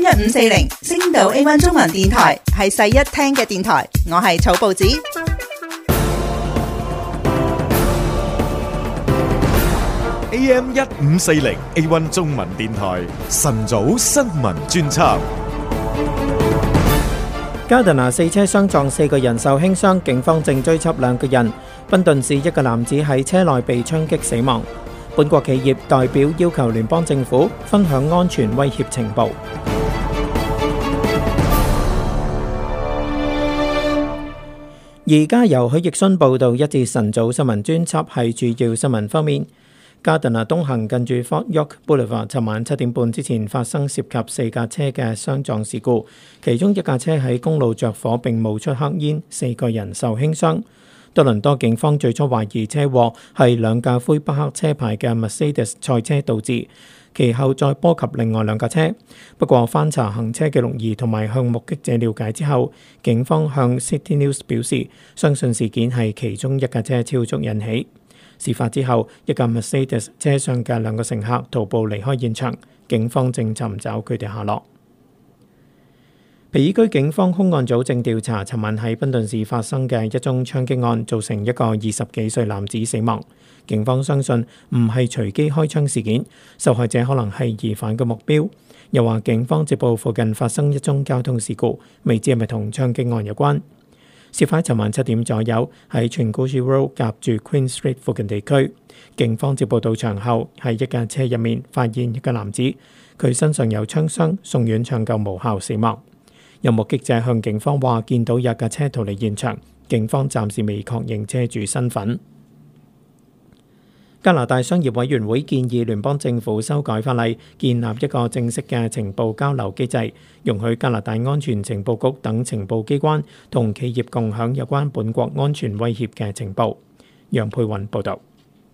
一五四零星島 A1 中文電台係細一聽嘅電台。我係草報紙 A M 一五四零 A1 中文電台晨早新聞專輯。嘉德納四車相撞，四個人受輕傷，警方正追緝兩個人。賓頓市一個男子喺車內被槍擊死亡。本國企業代表要求聯邦政府分享安全威脅情報。而家由許奕迅報道，一至晨早新聞專輯係主要新聞方面。加頓啊，東行近住 Fort York Boulevard 尋晚七點半之前發生涉及四架車嘅相撞事故，其中一架車喺公路着火並冒出黑煙，四個人受輕傷。多倫多警方最初懷疑車禍係兩架魁北克車牌嘅 Mercedes 賽車導致。其後再波及另外兩架車，不過翻查行車記錄儀同埋向目擊者了解之後，警方向 City News 表示，相信事件係其中一架車超速引起。事發之後，一架 Mercedes 車上嘅兩個乘客徒步離開現場，警方正尋找佢哋下落。皮爾區警方兇案組正調查，尋晚喺賓頓市發生嘅一宗槍擊案，造成一個二十幾歲男子死亡。警方相信唔係隨機開槍事件，受害者可能係疑犯嘅目標。又話警方接報附近發生一宗交通事故，未知係咪同槍擊案有關。事發，尋晚七點左右喺 Chinguacousy Road 夾住 Queen Street 附近地區，警方接報到場後，喺一架車入面發現一個男子，佢身上有槍傷，送院搶救無效死亡。有目擊者向警方話：見到有架車逃離現場，警方暫時未確認車主身份。加拿大商業委員會建議聯邦政府修改法例，建立一個正式嘅情報交流機制，容許加拿大安全情報局等情報機關同企業共享有關本國安全威脅嘅情報。楊佩雲報導。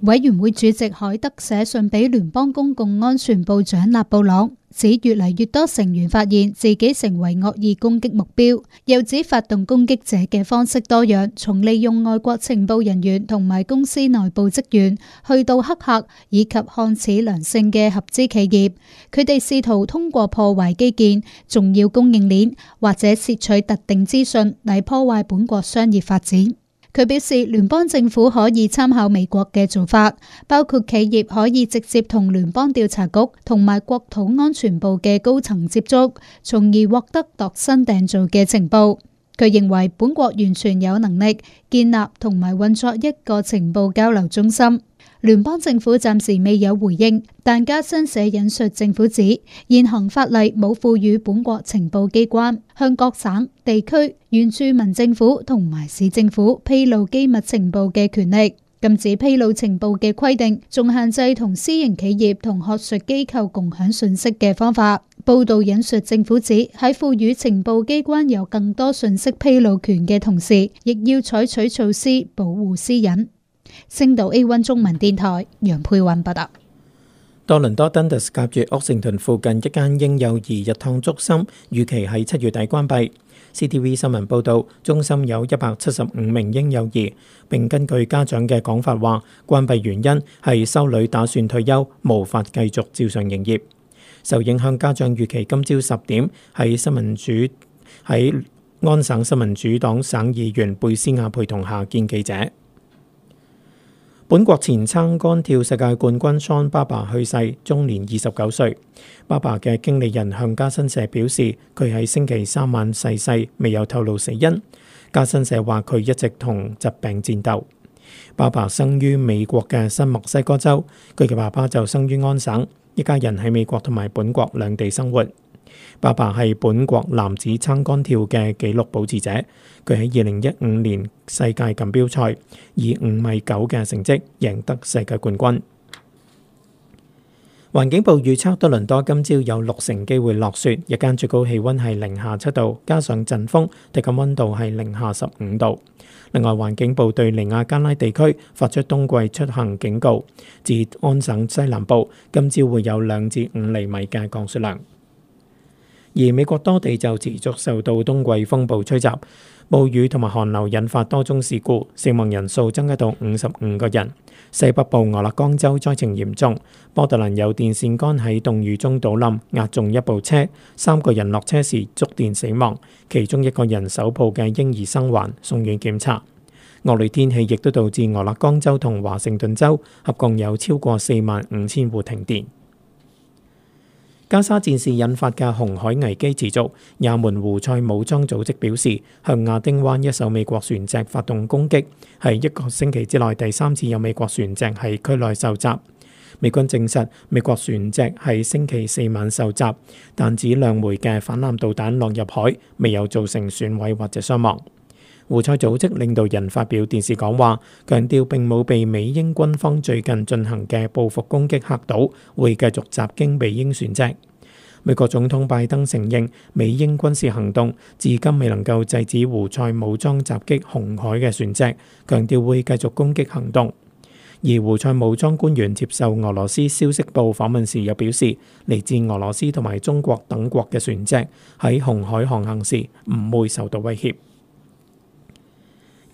委員會主席海德寫信俾聯邦公共安全部長納布朗。指越嚟越多成員發現自己成為惡意攻擊目標，又指發動攻擊者嘅方式多樣，從利用外國情報人員同埋公司內部職員，去到黑客以及看似良性嘅合資企業，佢哋試圖通過破壞基建、重要供應鏈或者竊取特定資訊嚟破壞本國商業發展。佢表示，聯邦政府可以參考美國嘅做法，包括企業可以直接同聯邦調查局同埋國土安全部嘅高層接觸，從而獲得度身訂造嘅情報。佢認為本國完全有能力建立同埋運作一個情報交流中心。聯邦政府暫時未有回應，但加新社引述政府指現行法例冇賦予本國情報機關向各省、地區、原住民政府同埋市政府披露機密情報嘅權力。禁止披露情報嘅規定，仲限制同私營企業同學術機構共享信息嘅方法。報道引述政府指喺賦予情報機關有更多信息披露權嘅同時，亦要採取措施保護私隱。星島 A1 中文電台楊佩雲報道：多倫多 Dundas 夾住渥城屯附近一間嬰幼兒日燙中心，預期喺七月底關閉。C T V 新聞報道，中心有一百七十五名嬰幼兒，並根據家長嘅講法話，關閉原因係修女打算退休，無法繼續照常營業。受影響家長預期今朝十點喺新民主喺安省新民主黨省議員貝斯亞陪同下見記者。本國前撐杆跳世界冠軍桑巴巴去世，終年二十九歲。巴巴嘅經理人向加新社表示，佢喺星期三晚逝世，未有透露死因。加新社話佢一直同疾病戰鬥。巴巴生於美國嘅新墨西哥州，佢嘅爸爸就生於安省，一家人喺美國同埋本國兩地生活。爸爸係本國男子撐竿跳嘅紀錄保持者，佢喺二零一五年世界錦標賽以五米九嘅成績贏得世界冠軍。環境部預測多倫多今朝有六成機會落雪，日間最高氣温係零下七度，加上陣風，體感温度係零下十五度。另外，環境部對尼亞加拉地區發出冬季出行警告，自安省西南部今朝會有兩至五厘米嘅降雪量。而美國多地就持續受到冬季風暴吹襲，暴雨同埋寒流引發多宗事故，死亡人數增加到五十五個人。西北部俄勒岡州災情嚴重，波特蘭有電線桿喺凍雨中倒冧，壓中一部車，三個人落車時觸電死亡，其中一個人手抱嘅嬰兒生還，送院檢查。惡劣天氣亦都導致俄勒岡州同華盛頓州合共有超過四萬五千戶停電。加沙戰事引發嘅紅海危機持續。也門胡塞武裝組織表示，向亞丁灣一艘美國船隻發動攻擊，係一個星期之內第三次有美國船隻喺區內受襲。美軍證實，美國船隻喺星期四晚受襲，但只兩枚嘅反艦導彈落入海，未有造成損毀或者傷亡。胡塞組織領導人發表電視講話，強調並冇被美英軍方最近進行嘅報復攻擊嚇到，會繼續襲擊美英船隻。美國總統拜登承認美英軍事行動至今未能夠制止胡塞武裝襲擊紅海嘅船隻，強調會繼續攻擊行動。而胡塞武裝官員接受俄羅斯消息報訪問時，又表示，嚟自俄羅斯同埋中國等國嘅船隻喺紅海航行時唔會受到威脅。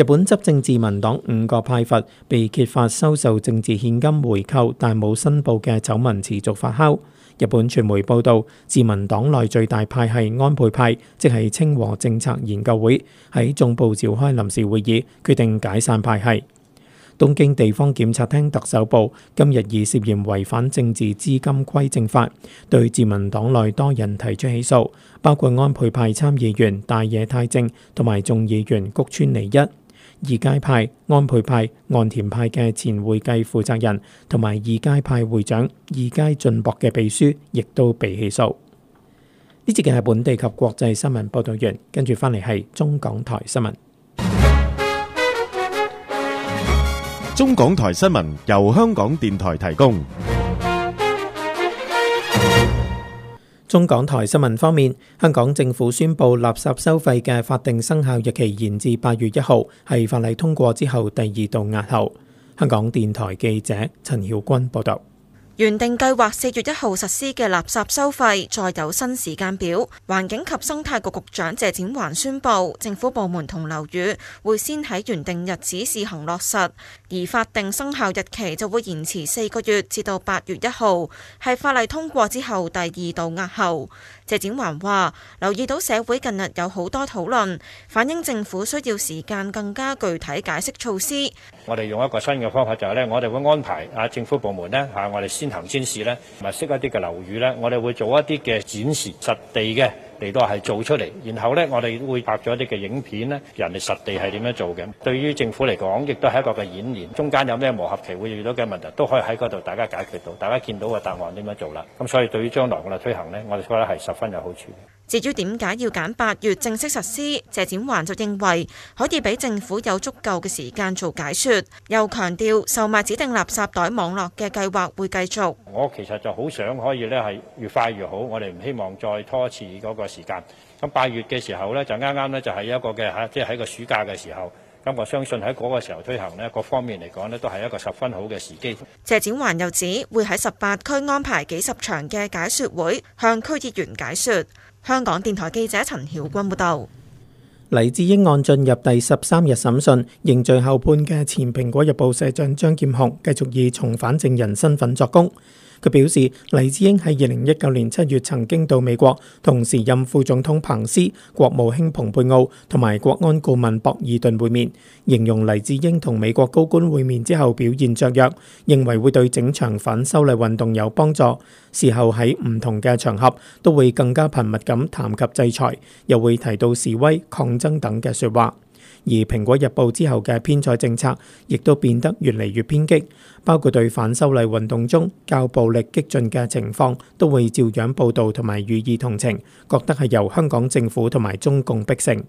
日本執政自民黨五個派閥被揭發收受政治獻金回扣，但冇申報嘅醜聞持續發酵。日本傳媒報道，自民黨內最大派系安倍派，即係清和政策研究會，喺總部召開臨時會議，決定解散派系。東京地方檢察廳特首部今日以涉嫌違反政治資金規正法，對自民黨內多人提出起訴，包括安倍派參議員大野泰正同埋眾議員谷川尼一。二階派、安倍派、岸田派嘅前會計負責人，同埋二階派會長、二階俊博嘅秘書，亦都被起訴。呢節嘅係本地及國際新聞報導員，跟住翻嚟係中港台新聞。中港台新聞由香港電台提供。中港台新聞方面，香港政府宣布垃圾收費嘅法定生效日期延至八月一號，係法例通過之後第二度押後。香港電台記者陳曉君報道。原定計劃四月一號實施嘅垃圾收費再有新時間表，環境及生態局局長謝展環宣布，政府部門同樓宇會先喺原定日子試行落實，而法定生效日期就會延遲四個月至到八月一號，係法例通過之後第二度押後。謝展環話：留意到社會近日有好多討論，反映政府需要時間更加具體解釋措施。我哋用一個新嘅方法，就係咧，我哋會安排啊，政府部門咧，嚇、啊、我哋先行先試咧，咪、啊、埋識一啲嘅樓宇咧，我哋會做一啲嘅展示實地嘅。嚟到係做出嚟，然後呢，我哋會拍咗一啲嘅影片呢，人哋實地係點樣做嘅。對於政府嚟講，亦都係一個嘅演練，中間有咩磨合期，會遇到幾多問題，都可以喺嗰度大家解決到。大家見到嘅答案點樣做啦。咁所以對於將來我哋推行呢，我哋覺得係十分有好處。至於點解要揀八月正式實施，謝展環就認為可以俾政府有足夠嘅時間做解説，又強調售賣指定垃圾袋網絡嘅計劃會繼續。我其實就好想可以呢係越快越好，我哋唔希望再拖遲嗰個。時間咁八月嘅時候呢，就啱啱呢，就係一個嘅嚇，即係喺個暑假嘅時候，咁我相信喺嗰個時候推行呢，各方面嚟講呢，都係一個十分好嘅時機。謝展環又指會喺十八區安排幾十場嘅解說會，向區議員解說。香港電台記者陳曉君報道。黎智英案進入第十三日審訊，認罪後判嘅前《蘋果日報》社長張劍虹，繼續以從犯證人身份作供。佢表示，黎智英喺二零一九年七月曾經到美國，同時任副總統彭斯、國務卿蓬佩奧同埋國安顧問博爾頓會面，形容黎智英同美國高官會面之後表現雀躍，認為會對整場反修例運動有幫助。事後喺唔同嘅場合都會更加頻密咁談及制裁，又會提到示威抗爭等嘅説話。而《蘋果日報》之後嘅編採政策，亦都變得越嚟越偏激，包括對反修例運動中較暴力激進嘅情況，都會照樣報導同埋予以同情，覺得係由香港政府同埋中共逼成。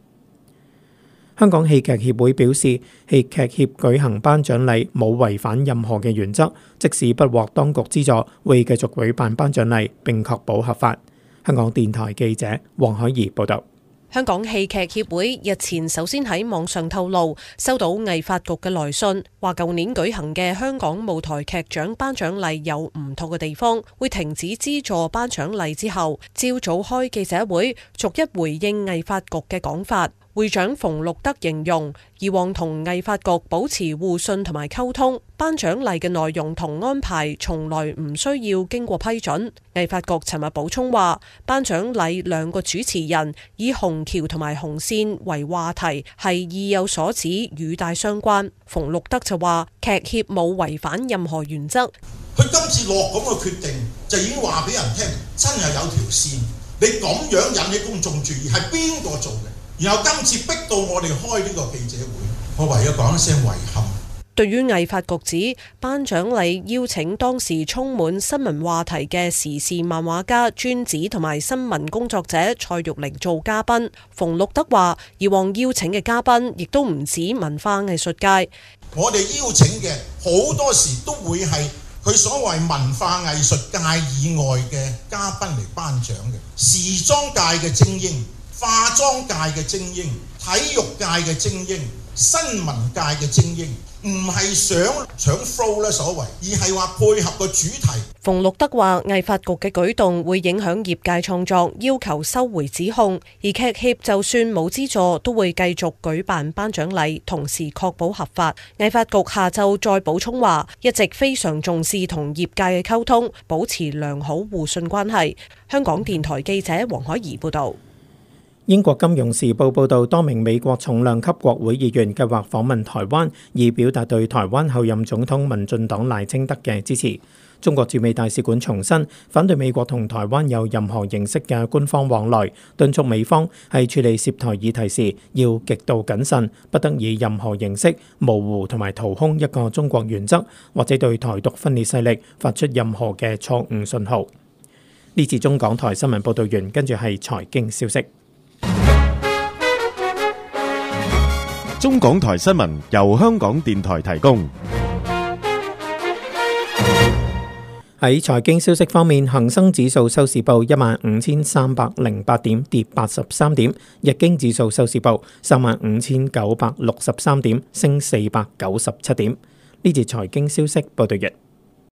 香港戲劇協會表示，戲劇協舉行頒獎禮冇違反任何嘅原則，即使不獲當局資助，會繼續舉辦頒獎禮並確保合法。香港電台記者黃海怡報導。香港戲劇協會日前首先喺網上透露，收到藝發局嘅來信，話舊年舉行嘅香港舞台劇獎頒獎禮有唔妥嘅地方，會停止資助頒獎禮之後，朝早開記者會，逐一回應藝發局嘅講法。會長馮祿德形容，以往同藝發局保持互信同埋溝通。頒獎禮嘅內容同安排從來唔需要經過批准。藝發局尋日補充話，頒獎禮兩個主持人以紅橋同埋紅線為話題係意有所指，語帶相關。馮祿德就話劇協冇違反任何原則。佢今次落咁嘅決定就已經話俾人聽，真係有條線，你咁樣引起公眾注意係邊個做嘅？然後今次逼到我哋開呢個記者會，我唯有講一聲遺憾。對於藝發局指頒獎禮邀請當時充滿新聞話題嘅時事漫畫家專子同埋新聞工作者蔡玉玲做嘉賓，馮祿德話，以往邀請嘅嘉賓亦都唔止文化藝術界，我哋邀請嘅好多時都會係佢所謂文化藝術界以外嘅嘉賓嚟頒獎嘅時裝界嘅精英。化妝界嘅精英、體育界嘅精英、新聞界嘅精英，唔係想搶 flow 呢所謂，而係話配合個主題。馮祿德話，藝發局嘅舉動會影響業界創作，要求收回指控。而劇協就算冇資助，都會繼續舉辦頒獎禮，同時確保合法。藝發局下晝再補充話，一直非常重視同業界嘅溝通，保持良好互信關係。香港電台記者黃海怡報導。英國金融時報報道，多名美國重量級國會議員計劃訪問台灣，以表達對台灣候任總統民進黨賴清德嘅支持。中國駐美大使館重申，反對美國同台灣有任何形式嘅官方往來，敦促美方喺處理涉台議題時要極度謹慎，不得以任何形式模糊同埋掏空一個中國原則，或者對台獨分裂勢力發出任何嘅錯誤信號。呢次中港台新聞報道完，跟住係財經消息。中港台新聞由香港電台提供。喺財經消息方面，恒生指數收市報一萬五千三百零八點，跌八十三點；日經指數收市報三萬五千九百六十三點，升四百九十七點。呢節財經消息報道日。